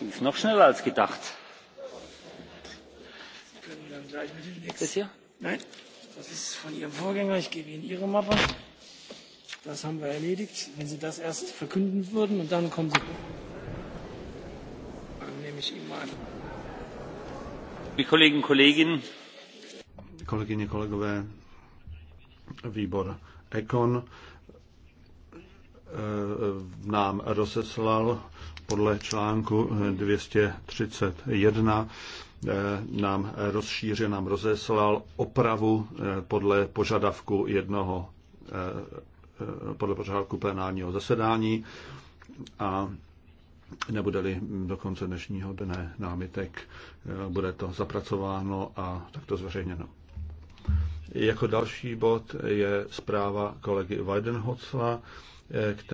Die ist noch schneller als gedacht. Wir können dann gleich mit dem nächsten. Das hier? Nein, das ist von Ihrem Vorgänger. Ich gebe Ihnen Ihre Mappe. Das haben wir erledigt. Wenn Sie das erst verkünden würden und dann kommen Sie. Dann nehme ich Ihnen mal an. Die Kollegen, Kolleginnen. Kolegyně, kolegové, výbor Ekon nám rozeslal podle článku 231 eh, nám rozšířil, nám rozeslal opravu eh, podle požadavku jednoho, eh, podle požadavku plenárního zasedání a nebude-li do konce dnešního dne námitek, bude to zapracováno a takto zveřejněno. Jako další bod je zpráva kolegy Weidenhotzla,